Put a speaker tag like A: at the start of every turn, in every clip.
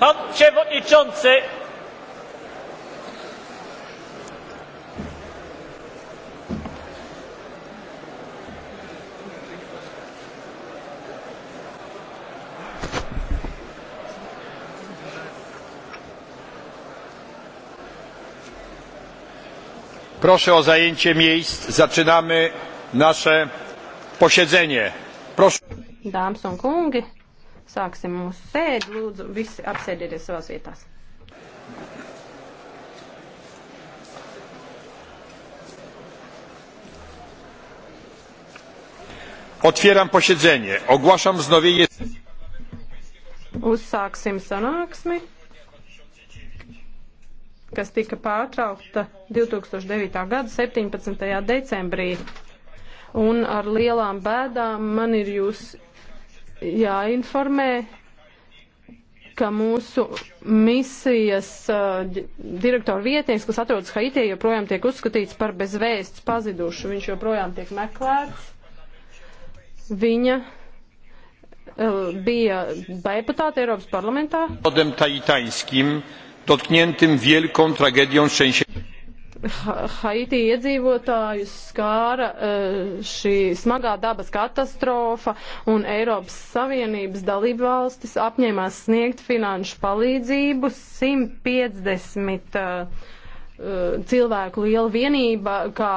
A: Pan
B: przewodniczący. Proszę o zajęcie miejsc. Zaczynamy nasze posiedzenie. Proszę.
A: Dāmas un kungi, Sāksim mūsu sēdi. Lūdzu, visi apsēdieties savās vietās.
B: Otwieram posiedzenie. Ogłaszam wznowienie.
A: Uzsāksim sanāksmi, kas tika pārtraukta 2009. gada 17. decembrī. Un ar lielām bēdām man ir jūs jāinformē, ka mūsu misijas uh, direktora vietnieks, kas atrodas Haitī, joprojām tiek uzskatīts par bezvēsts pazidušu. Viņš joprojām tiek meklēts. Viņa uh, bija deputāta Eiropas parlamentā.
B: Dotkniętym wielką tragedią szczęścia
A: Haiti iedzīvotājus skāra eh, šī smagā dabas katastrofa un Eiropas Savienības dalību valstis apņēmās sniegt finanšu palīdzību 150 Eh, cilvēku liela vienība, kā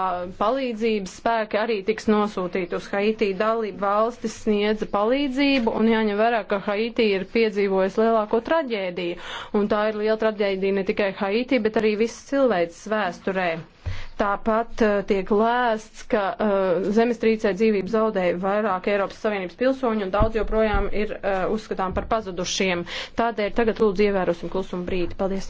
A: palīdzības spēki arī tiks nosūtīti uz Haiti. Dalība valstis sniedza palīdzību un jāņem vērā, ka Haiti ir piedzīvojis lielāko traģēdiju. Un tā ir liela traģēdija ne tikai Haiti, bet arī visas cilvēces vēsturē. Tāpat uh, tiek lēsts, ka uh, zemestrīcē dzīvību zaudēja vairāk Eiropas Savienības pilsoņu un daudz joprojām ir uh, uzskatām par pazudušiem. Tādēļ tagad lūdzu ievērosim klusumu brīdi. Paldies!